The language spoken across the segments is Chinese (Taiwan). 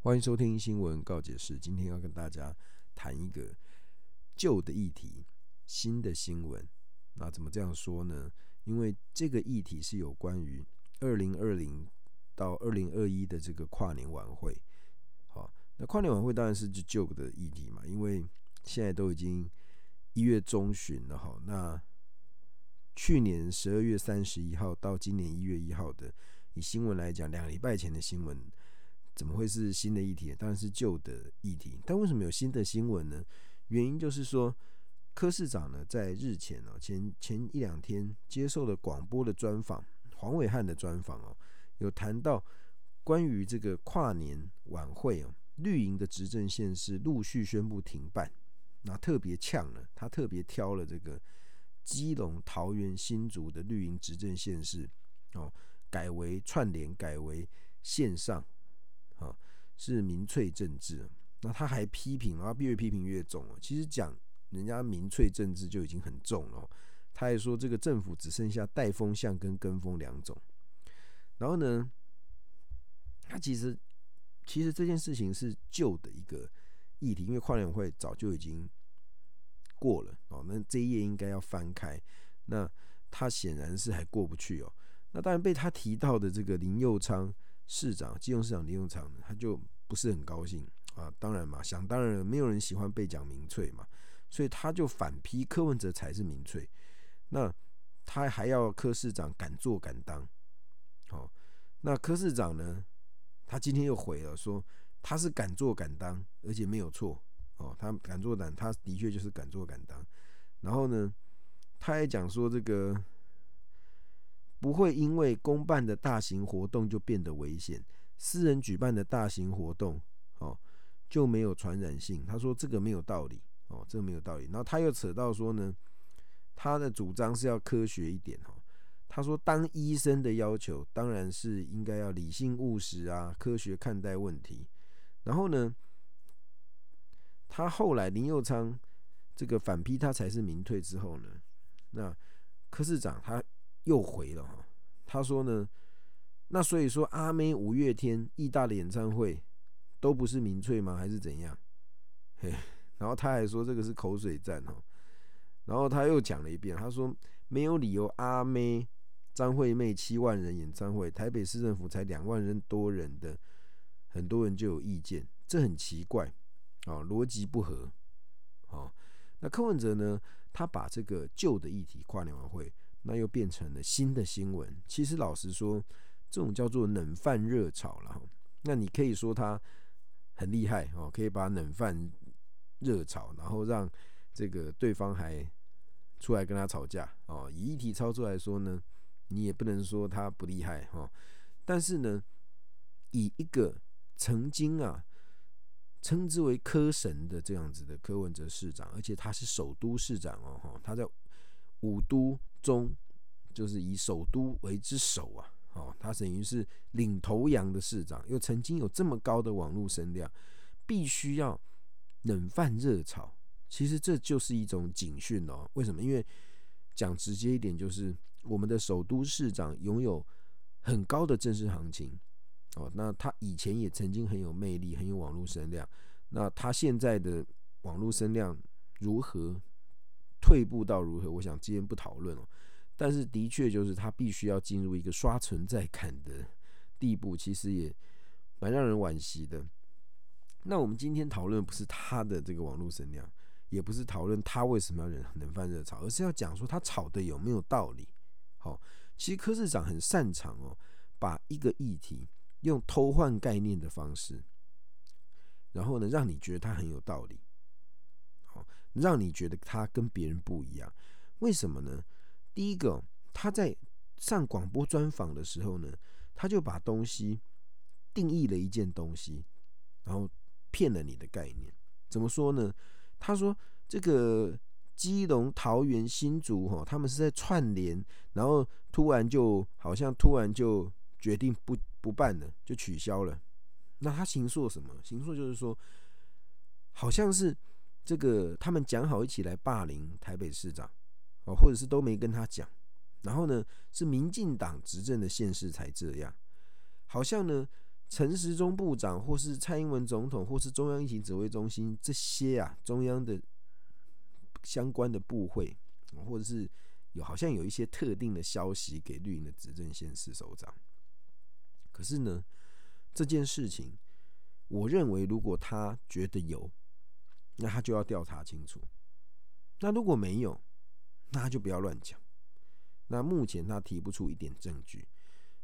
歡迎收聽新聞告解室，今天要跟大家談一個舊的議題，新的新聞。那怎麼這樣說呢？因為這個議題是有關於二零二零到二零二一的這個跨年晚會。好，那跨年晚會當然是舊的議題嘛，因為現在都已經一月中旬了。好，那去年十二月三十一號到今年一月一號的，以新聞來講，兩個禮拜前的新聞。怎麼會是新的議題？當然是舊的議題。但為什麼有新的新聞呢？原因就是說，柯市長呢在日前哦，前前一兩天接受了廣播的專訪，黃偉漢的專訪哦，有談到關於這個跨年晚會哦，綠營的執政縣市陸續宣布停辦，那特別嗆了，他特別挑了這個基隆、桃園、新竹的綠營執政縣市哦，改為串聯，改為線上。啊，是民粹政治，那他還批評，啊，必越批評越重哦。其實講人家民粹政治就已經很重了，他還說這個政府只剩下帶風向跟跟風兩種。然後呢，他其實其實這件事情是舊的一個議題，因為跨年會早就已經過了哦。那這一頁應該要翻開，那他顯然是還過不去哦。那當然被他提到的這個林右昌。市長、基隆市長、林右昌他就不是很高興啊。當然嘛，想當然，沒有人喜歡被講民粹嘛，所以他就反批柯文哲才是民粹。那他還要柯市長敢做敢當，哦。那柯市長呢，他今天又回了，說他是敢做敢當，而且沒有錯哦，他敢做敢，他的確就是敢做敢當。然後呢，他還講說這個。不會因為公辦的大型活動就變得危險，私人舉辦的大型活動，哦，就沒有傳染性。他說這個沒有道理，哦，這個沒有道理。然後他又扯到說呢，他的主張是要科學一點，他說當醫生的要求當然是應該要理性務實啊，科學看待問題。然後呢，他後來林右昌這個反批他才是民粹之後呢，那柯市長他。又回了，他說呢，那所以說阿妹五月天意大的演唱會都不是民粹嗎？還是怎樣？嘿，然後他還說這個是口水戰哦，然後他又講了一遍，他說沒有理由阿妹張惠妹七萬人演唱會，台北市政府才兩萬人多人的，很多人就有意見，這很奇怪，哦，邏輯不合，哦。那柯文哲呢，他把這個舊的議題跨年晚會。那又變成了新的新聞。其實老實說，這種叫做冷飯熱炒了。那你可以說他很厲害哦，可以把冷飯熱炒，然後讓這個對方還出來跟他吵架哦。以議題操作來說呢，你也不能說他不厲害哦。但是呢，以一個曾經啊稱之為柯神的這樣子的柯文哲市長，而且他是首都市長哦，他在五都。中，就是以首都為之首啊，哦，他等於是領頭羊的市長，又曾經有這麼高的網絡聲量，必須要冷飯熱炒，其實這就是一種警訊哦。為什麼？因為講直接一點，就是我們的首都市長擁有很高的政治行情，哦，那他以前也曾經很有魅力，很有網絡聲量，那他現在的網絡聲量如何？退步到如何？我想今天不討論哦，但是的確，就是他必須要進入一個刷存在感的地步，其實也蠻讓人惋惜的。那我們今天討論不是他的這個網絡聲量，也不是討論他為什麼要冷飯熱炒，而是要講說他炒的有沒有道理。好，其實柯市長很擅長哦，把一個議題用偷換概念的方式，然後呢，讓你覺得他很有道理。讓你覺得他跟別人不一樣，為什麼呢？第一個，他在上廣播專訪的時候呢，他就把東西定義了一件東西，然後騙了你的概念。怎麼說呢？他說，這個基隆、桃園、新竹哈，他們是在串聯，然後突然就好像突然就決定不不辦了，就取消了。那他形塑什麼？形塑就是說，好像是。這個他們講好一起來霸凌台北市長，哦，或者是都沒跟他講，然後呢，是民進黨執政的縣市才這樣，好像呢，陳時中部長或是蔡英文總統或是中央疫情指揮中心這些啊中央的相關的部會，或者是有好像有一些特定的消息給綠營的執政縣市首長，可是呢，這件事情，我認為如果他覺得有。那他就要調查清楚。那如果沒有，那他就不要亂講。那目前他提不出一點證據，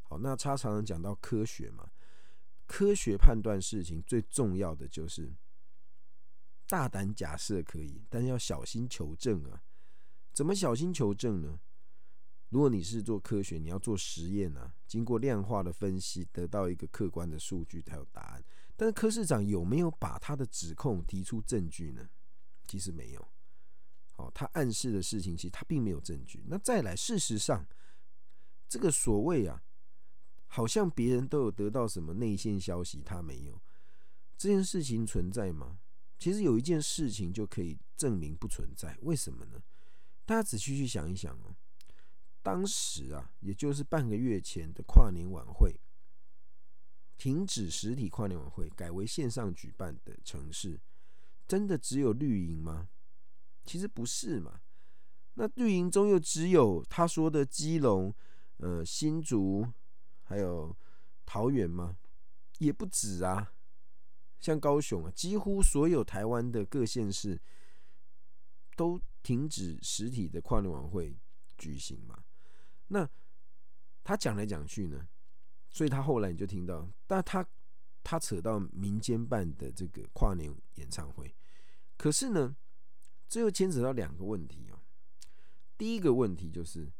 好，那他常常講到科學嘛，科學判斷事情最重要的就是大膽假設可以，但是要小心求證啊。怎麼小心求證呢？如果你是做科學，你要做實驗啊，經過量化的分析，得到一個客觀的數據才有答案。但是柯市長有沒有把他的指控提出證據呢？其實沒有。哦，他暗示的事情，其實他並沒有證據。那再來，事實上，這個所謂啊，好像別人都有得到什麼內線消息，他沒有。這件事情存在嗎？其實有一件事情就可以證明不存在。為什麼呢？大家仔細去想一想哦。當時啊，也就是半個月前的跨年晚會。停止實體跨年晚會改為線上舉辦的城市，真的只有綠營嗎？其實不是嘛。那綠營中又只有他說的基隆、呃、新竹，還有桃園嗎？也不止啊。像高雄啊，幾乎所有台灣的各縣市都停止實體的跨年晚會舉行嘛。那他講來講去呢，所以他後來你就聽到，但他他扯到民間辦的這個跨年演唱會，可是呢，這又牽扯到兩個問題哦。第一個問題就是，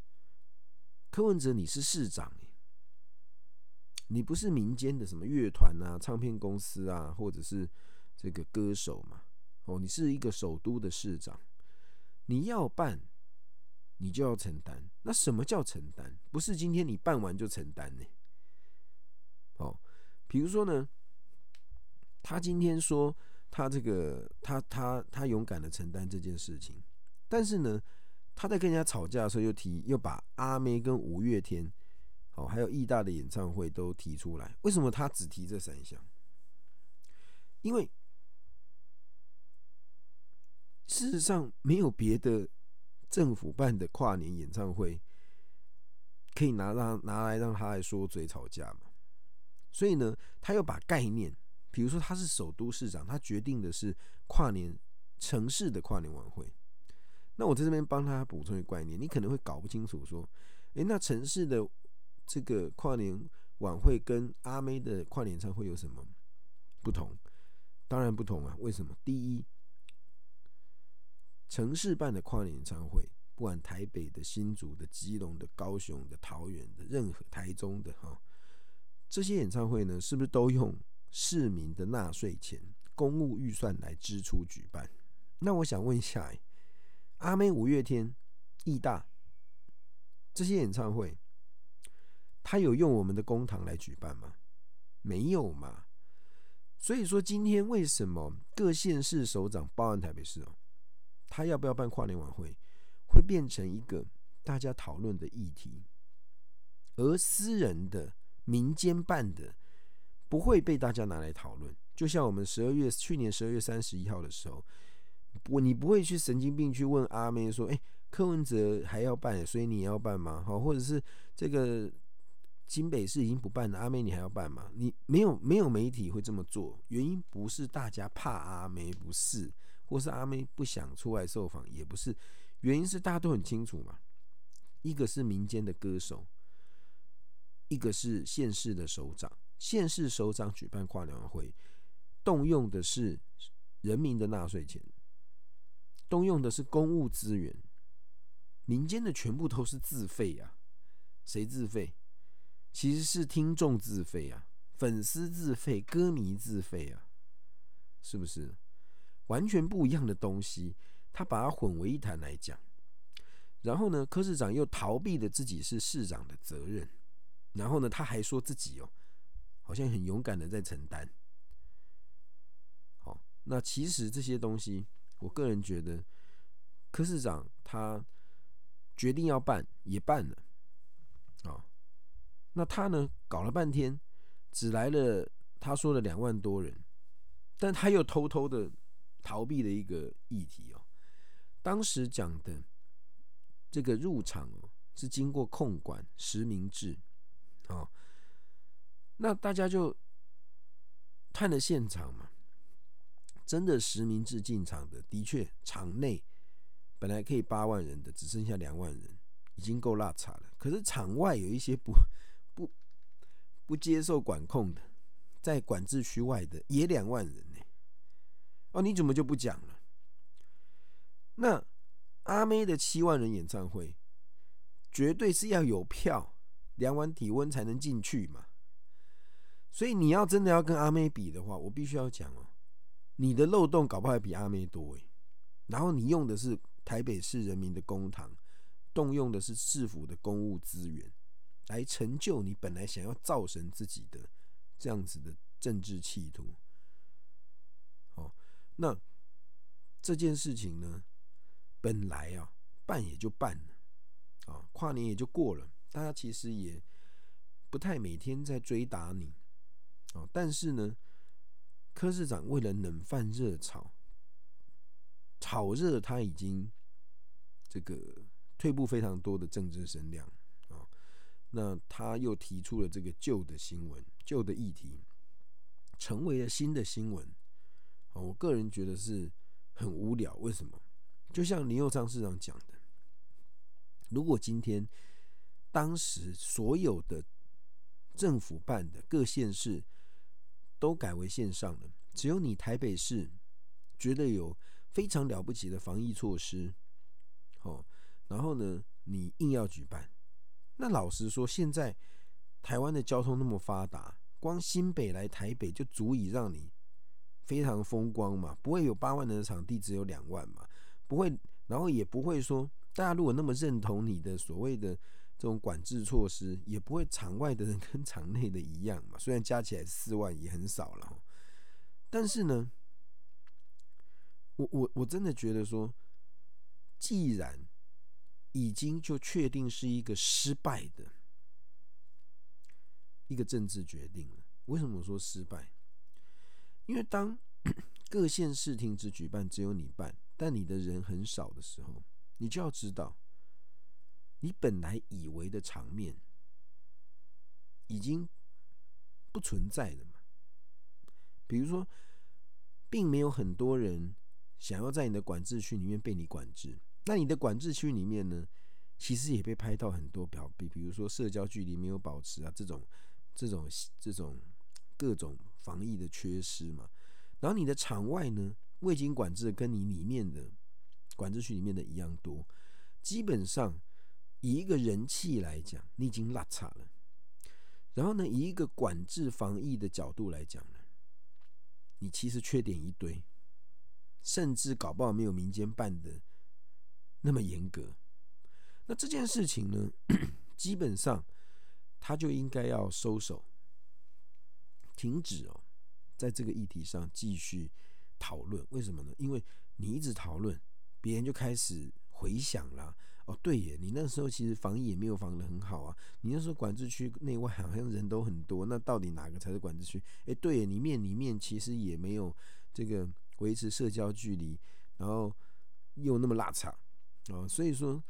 柯文哲你是市長欸，你不是民間的什麼樂團啊、唱片公司啊，或者是這個歌手嘛？哦，你是一個首都的市長，你要辦，你就要承擔。那什麼叫承擔？不是今天你辦完就承擔呢。比如說呢，他今天說他這個他他他，他勇敢的承擔這件事情，但是呢，他在跟人家吵架的時候又提又把阿妹跟五月天，哦，還有義大的演唱會都提出來，為什麼他只提這三項？因為事實上沒有別的政府辦的跨年演唱會可以拿讓拿來讓他來說嘴吵架嘛。所以呢，他又把概念，比如說他是首都市長，他決定的是跨年城市的跨年晚會。那我在這邊幫他補充一個概念，你可能會搞不清楚，說，誒、欸，那城市的這個跨年晚會跟阿妹的跨年演唱會有什麼不同？當然不同啊，為什麼？第一，城市辦的跨年演唱會，不管台北的、新竹的、基隆的、高雄的、桃園的、任何台中的哈。這些演唱會呢，是不是都用市民的納稅錢、公務預算來支出舉辦？那我想問一下，阿妹、五月天、義大這些演唱會，他有用我們的公帑來舉辦嗎？沒有嘛？所以說，今天為什麼各縣市首長包含台北市哦？他要不要辦跨年晚會，會變成一個大家討論的議題，而私人的。民間辦的不會被大家拿來討論，就像我們十二月去年十二月三十一號的時候，不，你不會去神經病去問阿妹說：“哎，柯文哲還要辦，所以你要辦嗎？”好，或者是這個金北市已經不辦了，阿妹你還要辦嗎？你沒有沒有媒體會這麼做，原因不是大家怕阿妹不是，或是阿妹不想出來受訪也不是，原因是大家都很清楚嘛，一個是民間的歌手。一個是縣市的首長，縣市首長舉辦跨年晚會，動用的是人民的納稅錢，動用的是公務資源，民間的全部都是自費呀、啊，誰自費？其實是聽眾自費啊，粉絲自費，歌迷自費啊，是不是？完全不一樣的東西，他把它混為一談來講，然後呢，柯市長又逃避了自己是市長的責任。然後呢，他還說自己哦，好像很勇敢的在承擔。好，那其實這些東西，我個人覺得，柯市長他決定要辦，也辦了啊。那他呢，搞了半天，只來了他說的兩萬多人，但他又偷偷的逃避了一個議題哦。當時講的這個入場哦，是經過控管、實名制。哦，那大家就看了現場嘛，真的實名制進場的，的確場內本來可以八萬人的，只剩下兩萬人，已經夠落差了。可是場外有一些不不不接受管控的，在管制區外的也兩萬人呢。哦，你怎麼就不講了？那阿妹的七萬人演唱會，絕對是要有票。量完體溫才能進去嘛，所以你要真的要跟阿妹比的話，我必須要講哦，你的漏洞搞不好比阿妹多欸。然後你用的是台北市人民的公帑，動用的是市府的公務資源，來成就你本來想要造成自己的這樣子的政治企圖。那這件事情呢，本來啊辦也就辦了，啊跨年也就過了。大家其實也不太每天在追打你，但是呢，柯市長為了冷飯熱炒，炒熱他已經這個退步非常多的政治聲量啊，那他又提出了這個舊的新聞、舊的議題，成為了新的新聞。我個人覺得是很無聊。為什麼？就像林右昌市長講的，如果今天，當時所有的政府辦的各縣市都改為線上了，只有你台北市覺得有非常了不起的防疫措施，哦，然後呢，你硬要舉辦，那老實說，現在台灣的交通那麼發達，光新北來台北就足以讓你非常風光嘛，不會有八萬人的場地只有兩萬嘛，不會，然後也不會說大家如果那麼認同你的所謂的。這種管制措施也不會場外的人跟場內的一樣嘛？雖然加起來四萬也很少了，但是呢我，我我我真的覺得說，既然已經就確定是一個失敗的一個政治決定了，為什麼我說失敗？因為當各縣市停止舉辦只有你辦，但你的人很少的時候，你就要知道。你本來以為的場面已經不存在了嘛。比如說，並沒有很多人想要在你的管制區裡面被你管制。那你的管制區裡面呢，其實也被拍到很多，表，比，比如說社交距離沒有保持啊，這種、這種、這種各種防疫的缺失嘛。然後你的場外呢，未經管制，跟你裡面的管制區裡面的一樣多，基本上。以一個人氣來講，你已經落差了。然後呢，以一個管制防疫的角度來講呢，你其實缺點一堆，甚至搞不好沒有民間辦得那麼嚴格。那這件事情呢，基本上他就應該要收手，停止哦，在這個議題上繼續討論。為什麼呢？因為你一直討論，別人就開始回響了。哦，對耶，你那時候其實防疫也沒有防得很好啊。你那時候管制區內外好像人都很多，那到底哪個才是管制區？哎，對耶，你面裡面其實也沒有這個維持社交距離，然後又那麼邋遢哦，所以說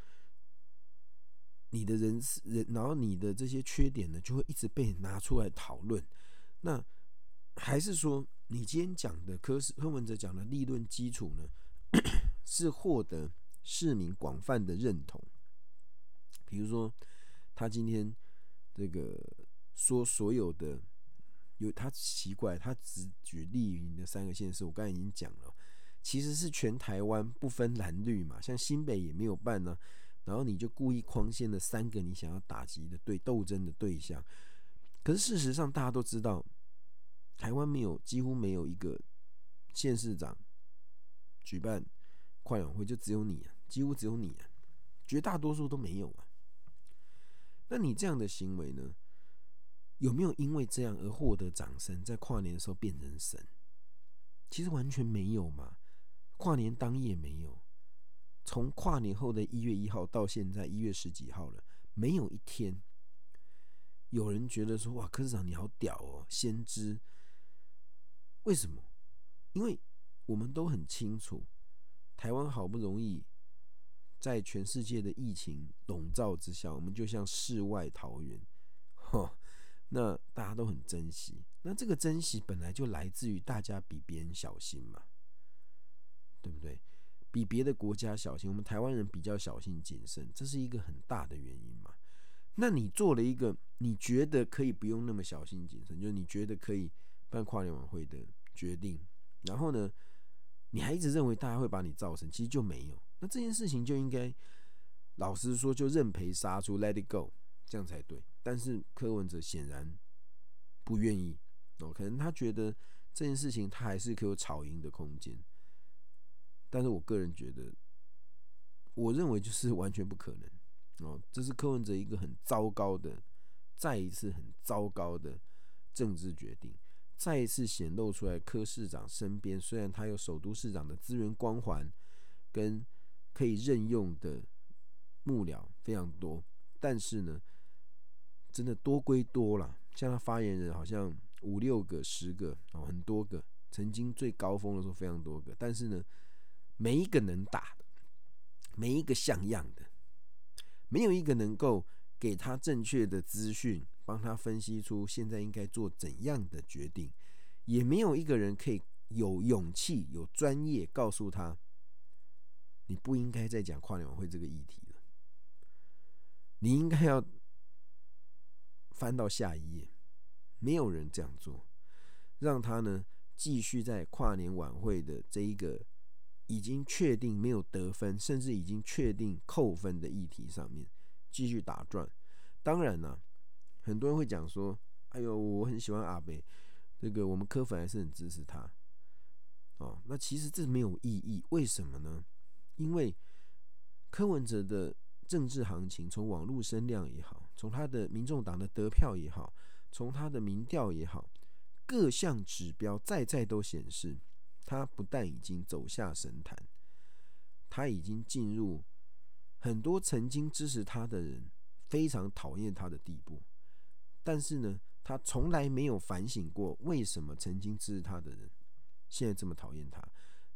你的人人，然後你的這些缺點呢，就會一直被拿出來討論。那還是說你今天講的柯、柯文哲講的立論基礎呢， 是獲得？市民廣泛的認同，比如說他今天這個說所有的有他奇怪，他只舉綠營的三個縣市，我剛才已經講了，其實是全台灣不分藍綠嘛，像新北也沒有辦呢，啊，然後你就故意框限了三個你想要打擊的對鬥爭的對象，可是事實上大家都知道，台灣沒有幾乎沒有一個縣市長舉辦跨年會，就只有你啊。幾乎只有你啊，絕大多數都沒有啊。那你這樣的行為呢？有沒有因為這樣而獲得掌聲，在跨年的時候變成神？其實完全沒有嘛。跨年當夜沒有，從跨年後的一月一號到現在一月十幾號了，沒有一天有人覺得說：“哇，柯市長你好屌哦，先知。”為什麼？因為我們都很清楚，台灣好不容易。在全世界的疫情籠罩之下，我們就像世外桃源，嚯，那大家都很珍惜。那這個珍惜本來就來自於大家比別人小心嘛，對不對？比別的國家小心，我們台灣人比較小心謹慎，這是一個很大的原因嘛。那你做了一個你覺得可以不用那麼小心謹慎，就是你覺得可以辦跨年晚會的決定，然後呢，你還一直認為大家會把你造神，其實就沒有。那這件事情就應該老實說，就認賠殺出，let it go，這樣才對。但是柯文哲顯然不願意哦，可能他覺得這件事情他還是可以有炒贏的空間。但是我個人覺得，我認為就是完全不可能哦。這是柯文哲一個很糟糕的，再一次很糟糕的政治決定，再一次顯露出來，柯市長身邊雖然他有首都市長的資源光環，跟可以任用的幕僚非常多，但是呢，真的多歸多了。像他發言人，好像五六個、十個哦，很多個。曾經最高峰的時候非常多個，但是呢，沒一個能打，沒一個像樣的，沒有一個能夠給他正確的資訊，幫他分析出現在應該做怎樣的決定，也沒有一個人可以有勇氣、有專業告訴他。你不應該再講跨年晚會這個議題了。你應該要翻到下一頁。沒有人這樣做，讓他呢繼續在跨年晚會的這一個已經確定沒有得分，甚至已經確定扣分的議題上面繼續打轉。當然呢、啊，很多人會講說：“哎呦，我很喜歡阿北，這個我們柯粉還是很支持他。”哦，那其實這沒有意義。為什麼呢？因為柯文哲的政治行情，從網絡聲量也好，從他的民眾黨的得票也好，從他的民調也好，各項指標在在都顯示，他不但已經走下神壇，他已經進入很多曾經支持他的人非常討厭他的地步。但是呢，他從來沒有反省過為什麼曾經支持他的人現在這麼討厭他，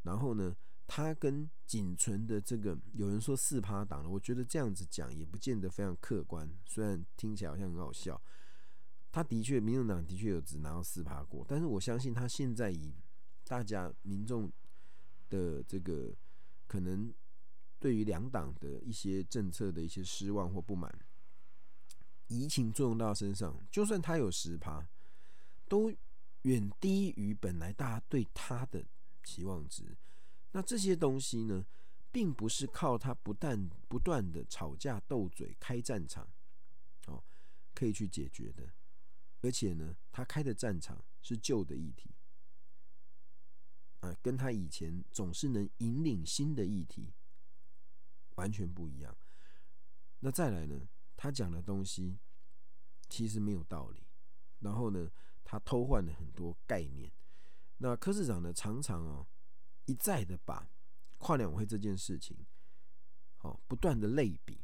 然後呢？他跟僅存的這個有人說四趴黨了，我覺得這樣子講也不見得非常客觀。雖然聽起來好像很好笑，他的確，民眾黨的確有只拿到四趴過，但是我相信他現在以大家民眾的這個可能對於兩黨的一些政策的一些失望或不滿，移情作用到身上，就算他有十趴，都遠低於本來大家對他的期望值。那這些東西呢，並不是靠他不斷不斷的吵架鬥嘴開戰場，哦，可以去解決的。而且呢，他開的戰場是舊的議題，啊，跟他以前總是能引領新的議題完全不一樣。那再來呢，他講的東西其實沒有道理。然後呢，他偷換了很多概念。那柯市長呢，常常哦。一再的把跨年晚會這件事情，不斷的類比，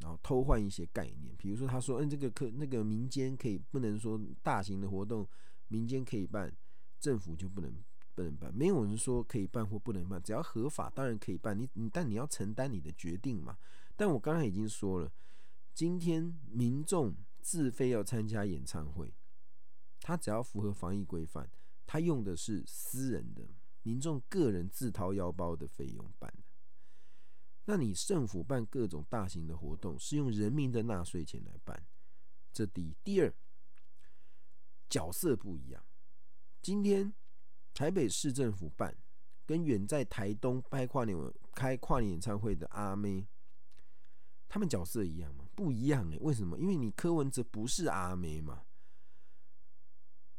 然後偷換一些概念。比如說，他說：“嗯、哎，這個可那個民間可以，不能說大型的活動，民間可以辦，政府就不能不能辦。沒有人說可以辦或不能辦，只要合法，當然可以辦。你，你，但你要承擔你的決定嘛。”但我剛才已經說了，今天民眾自費要參加演唱會，他只要符合防疫規範，他用的是私人的。民眾個人自掏腰包的費用辦的，那你政府辦各種大型的活動，是用人民的納稅錢來辦。這第一，第二，角色不一樣。今天台北市政府辦，跟遠在台東開跨年開跨年演唱會的阿妹，他們角色一樣嗎？不一樣哎、欸，為什麼？因為你柯文哲不是阿妹嘛，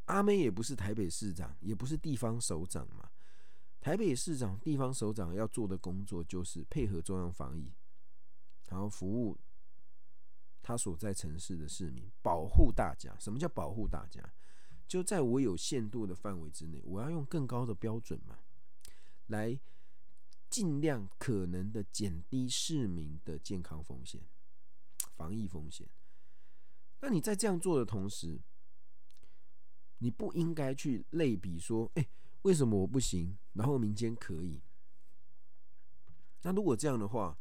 阿妹也不是台北市長，也不是地方首長嘛。台北市長、地方首長要做的工作，就是配合中央防疫，然後服務他所在城市的市民，保護大家。什麼叫保護大家？就在我有限度的範圍之內，我要用更高的標準嘛，來盡量可能的減低市民的健康風險、防疫風險。那你在這樣做的同時，你不應該去類比說，哎。為什麼我不行？然後民間可以？那如果這樣的話，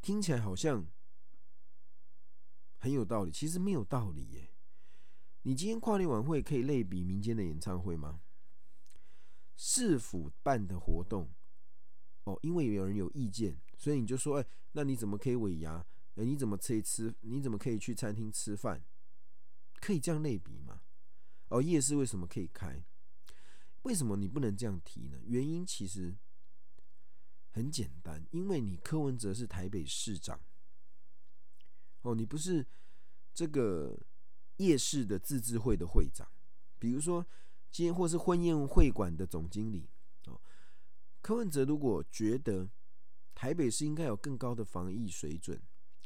聽起來好像很有道理，其實沒有道理耶。你今天跨年晚會可以類比民間的演唱會嗎？市府辦的活動，哦，因為有人有意見，所以你就說，哎、欸，那你怎麼可以尾牙？哎、欸，你怎麼可以吃？你怎麼可以去餐廳吃飯？可以這樣類比嗎？哦，夜市為什麼可以開？為什麼你不能這樣提呢？原因其實很簡單，因為你柯文哲是台北市長，哦，你不是這個夜市的自治會的會長，比如說今天或是婚宴會館的總經理哦。柯文哲如果覺得台北市應該有更高的防疫水準，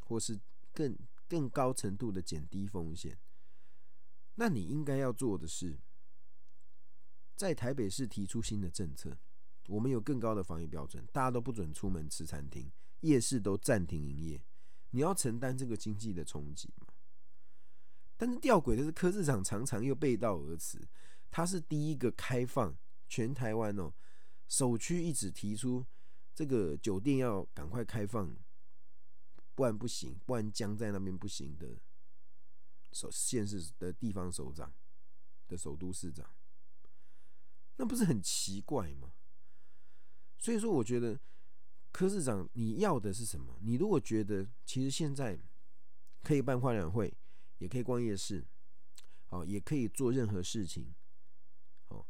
或是更更高程度的減低風險，那你應該要做的是。在台北市提出新的政策。我們有更高的防疫標準，大家都不准出門吃餐廳，夜市都暫停營業。你要承擔這個經濟的衝擊。但是吊詭的是，柯市長常常又背道而馳。他是第一個開放全台灣哦，首屈一指提出這個酒店要趕快開放，不然不行，不然僵在那邊不行的，首縣市的地方首長的首都市長。那不是很奇怪嗎？所以說，我覺得柯市長你要的是什麼？你如果覺得其實現在可以辦跨年會，也可以逛夜市，哦，也可以做任何事情，哦，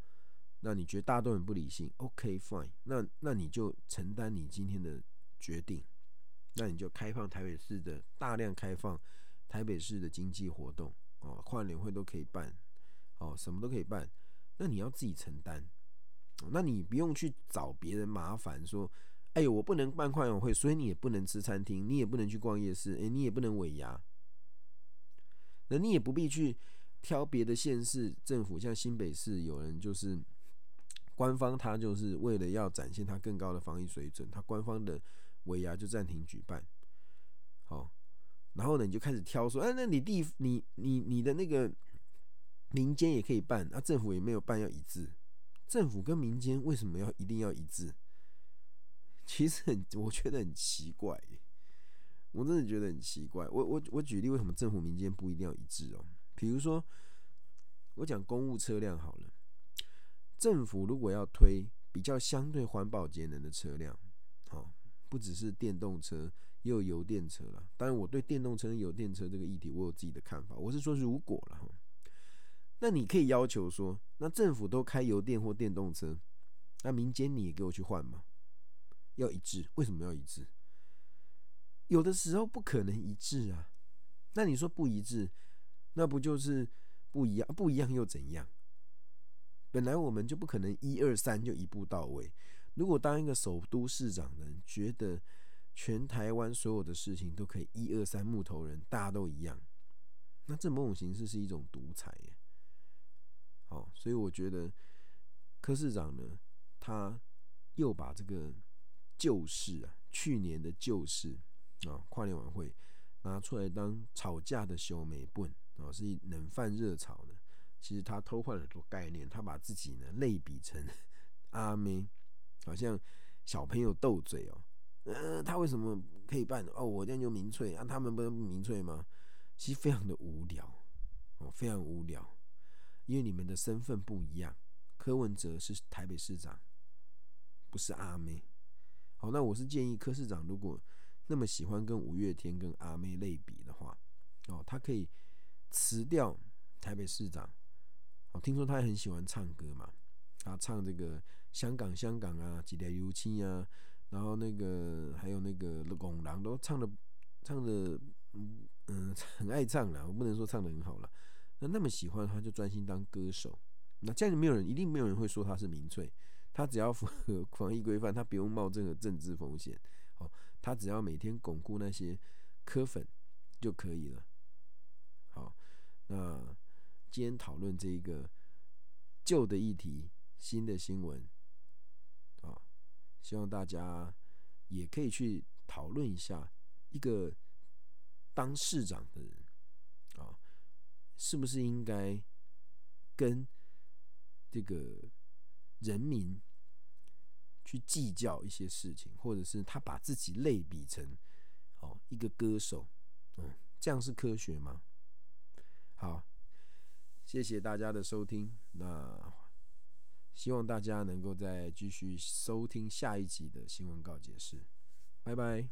那你覺得大家都很不理性？OK fine，那那你就承擔你今天的決定，那你就開放台北市的大量開放台北市的經濟活動，哦，跨年會都可以辦，哦，什麼都可以辦。那你要自己承擔，那你不用去找別人麻煩，說，哎、欸，我不能辦跨年會，所以你也不能吃餐廳，你也不能去逛夜市，哎、欸，你也不能尾牙，那你也不必去挑別的縣市政府，像新北市有人就是官方，他就是為了要展現他更高的防疫水準，他官方的尾牙就暫停舉辦，好，然後呢，你就開始挑說，哎、欸，那你地你你你的那個。民間也可以辦，那、啊、政府也沒有辦，要一致。政府跟民間為什麼要一定要一致？其實很，我覺得很奇怪耶，我真的覺得很奇怪。我我我舉例，為什麼政府民間不一定要一致哦、喔？比如說，我講公務車輛好了，政府如果要推比較相對環保節能的車輛，好，不只是電動車，也有油電車啦。當然，我對電動車、油電車這個議題，我有自己的看法。我是說，如果啦。那你可以要求說，那政府都開油電或電動車，那民間你也給我去換嘛，要一致，為什麼要一致？有的時候不可能一致啊。那你說不一致，那不就是不一樣？不一樣又怎樣？本來我們就不可能一二三就一步到位。如果當一個首都市長的人，覺得全台灣所有的事情都可以一二三木頭人，大家都一樣，那這某種形式是一種獨裁欸。哦，所以我覺得柯市長呢，他又把這個舊事啊，去年的舊事啊，跨年晚會拿出來當吵架的修眉棍啊，是冷飯熱炒的。其實他偷換了很多概念，他把自己呢類比成阿妹，好像小朋友鬥嘴哦。嗯，他為什麼可以辦？哦，我這樣就民粹啊，他們不能民粹嗎？其實非常的無聊，哦，非常無聊。因為你們的身份不一樣，柯文哲是台北市長，不是阿妹。好，那我是建議柯市長，如果那麼喜歡跟五月天跟阿妹類比的話，哦，他可以辭掉台北市長。哦，聽說他也很喜歡唱歌嘛，他唱這個香港香港啊，幾條油漆啊，然後那個還有那個拱廊都唱的唱的，嗯、呃、嗯，很愛唱啦，我不能說唱的很好啦。那那麼喜歡他，就專心當歌手。那這樣就沒有人，一定沒有人會說他是民粹。他只要符合防疫規範，他不用冒這個政治風險。他只要每天鞏固那些科粉就可以了。好，那今天討論這一個舊的議題，新的新聞啊，希望大家也可以去討論一下一個當市長的人。是不是應該跟這個人民去計較一些事情，或者是他把自己類比成哦一個歌手，嗯，這樣是科學嗎？好，謝謝大家的收聽，那希望大家能夠再繼續收聽下一集的新聞告解室，拜拜。